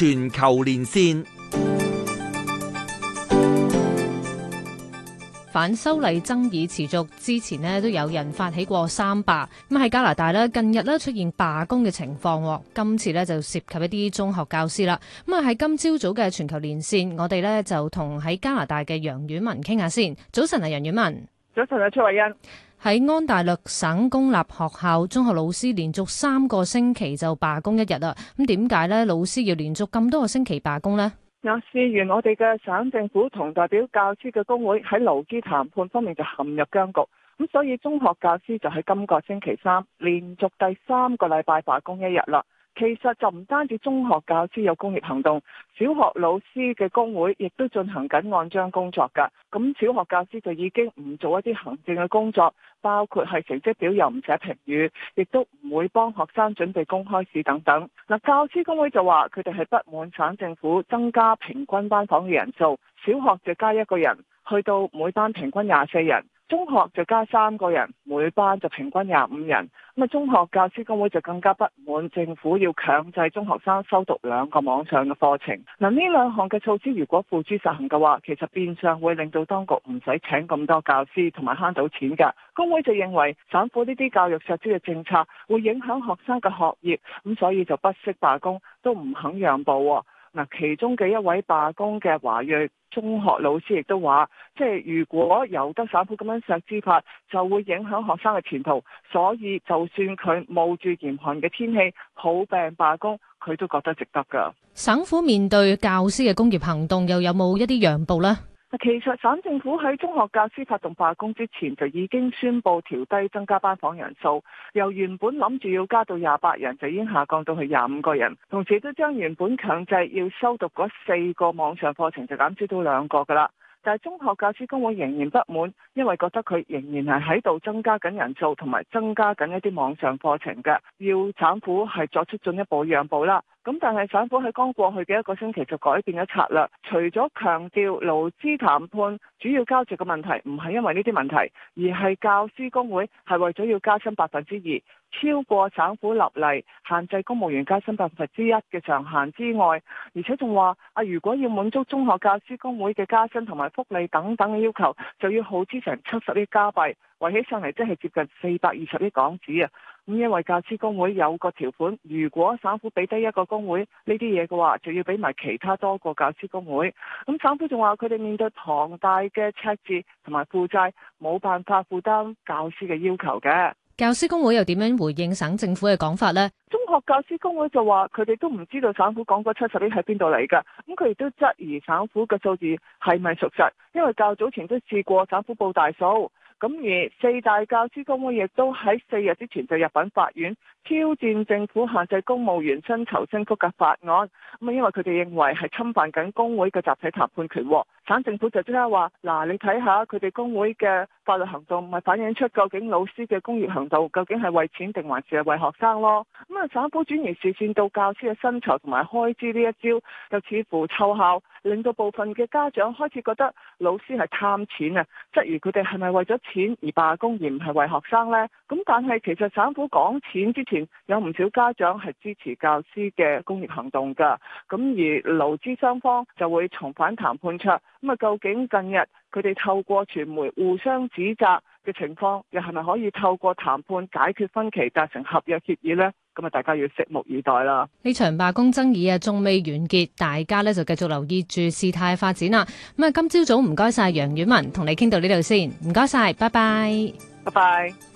全球連線，反修例爭議持續，之前咧都有人發起過三罷，咁喺加拿大咧近日咧出現罷工嘅情況，今次咧就涉及一啲中學教師啦。咁啊喺今朝早嘅全球連線，我哋咧就同喺加拿大嘅楊婉文傾下先。早晨啊，楊婉文。早晨啊，崔蔚恩。喺安大略省公立學校中學老師連續三個星期就罷工一日啦。咁點解咧？老師要連續咁多個星期罷工呢？啊，事源我哋嘅省政府同代表教師嘅工會喺勞資談判方面就陷入僵局，咁所以中學教師就喺今個星期三連續第三個禮拜罷工一日啦。其實就唔單止中學教師有工業行動，小學老師嘅工會亦都進行緊按章工作㗎。咁小學教師就已經唔做一啲行政嘅工作，包括係成績表又唔寫評語，亦都唔會幫學生準備公開試等等。嗱，教師工會就話佢哋係不滿省政府增加平均班房嘅人數，小學就加一個人，去到每班平均廿四人。中學就加三個人，每班就平均廿五人。咁啊，中學教師工會就更加不滿政府要強制中學生修讀兩個網上嘅課程。嗱，呢兩項嘅措施如果付諸實行嘅話，其實變相會令到當局唔使請咁多教師，同埋慳到錢嘅。工會就認為，省府呢啲教育削資嘅政策會影響學生嘅學業，咁所以就不惜罷工，都唔肯讓步。嗱，其中嘅一位罷工嘅華裔中學老師亦都話，即係如果由得省府咁樣石之拍，就會影響學生嘅前途。所以，就算佢冒住嚴寒嘅天氣，好病罷工，佢都覺得值得㗎。省府面對教師嘅工業行動，又有冇一啲讓步呢？其實省政府喺中學教師發動罷工之前，就已經宣布調低增加班房人數，由原本諗住要加到廿八人，就已經下降到去廿五個人。同時都將原本強制要修讀嗰四個網上課程，就減少到兩個㗎啦。但係中學教師工會仍然不滿，因為覺得佢仍然係喺度增加緊人數，同埋增加緊一啲網上課程嘅，要省府係作出進一步讓步啦。咁但係，省府喺剛過去嘅一個星期就改變咗策略，除咗強調勞資談判主要交涉嘅問題唔係因為呢啲問題，而係教師工會係為咗要加薪百分之二，超過省府立例限制公務員加薪百分之一嘅上限之外，而且仲話啊，如果要滿足中學教師工會嘅加薪同埋福利等等嘅要求，就要耗資成七十億加幣，維起上嚟即係接近四百二十億港紙啊！咁因為教師工會有個條款，如果省府俾低一個工會呢啲嘢嘅話，就要俾埋其他多個教師工會。咁省府仲話，佢哋面對龐大嘅赤字同埋負債，冇辦法負擔教師嘅要求嘅。教師工會又點樣回應省政府嘅講法咧中學教師工會就話，佢哋都唔知道省府講嗰七十億喺邊度嚟㗎，咁佢亦都質疑省府嘅數字係咪屬實，因為較早前都試過省府報大數。咁而四大教師工會亦都喺四日之前就入禀法院，挑戰政府限制公務員薪酬升幅嘅法案，咁啊，因為佢哋認為係侵犯緊工會嘅集體談判權。省政府就即刻話，嗱，你睇下佢哋工會嘅法律行動，咪反映出究竟老師嘅工業行動究竟係為錢定還是係為學生咯？咁啊，省府轉移視線到教師嘅薪酬同埋開支呢一招，就似乎奏效，令到部分嘅家長開始覺得老師係貪錢啊，質疑佢哋係咪為咗錢而罷工，而唔係為學生咧？咁但係其實省府講錢之前，有唔少家長係支持教師嘅工業行動噶，咁而勞資雙方就會重返談判桌。咁啊，究竟近日佢哋透過傳媒互相指責嘅情況，又係咪可以透過談判解決分歧，達成合約協議呢？咁啊，大家要拭目以待啦！呢場罷工爭議啊，仲未完結，大家咧就繼續留意住事態發展啦。咁啊，今朝早唔該晒，謝謝楊婉文，同你傾到呢度先，唔該晒，拜拜，拜拜。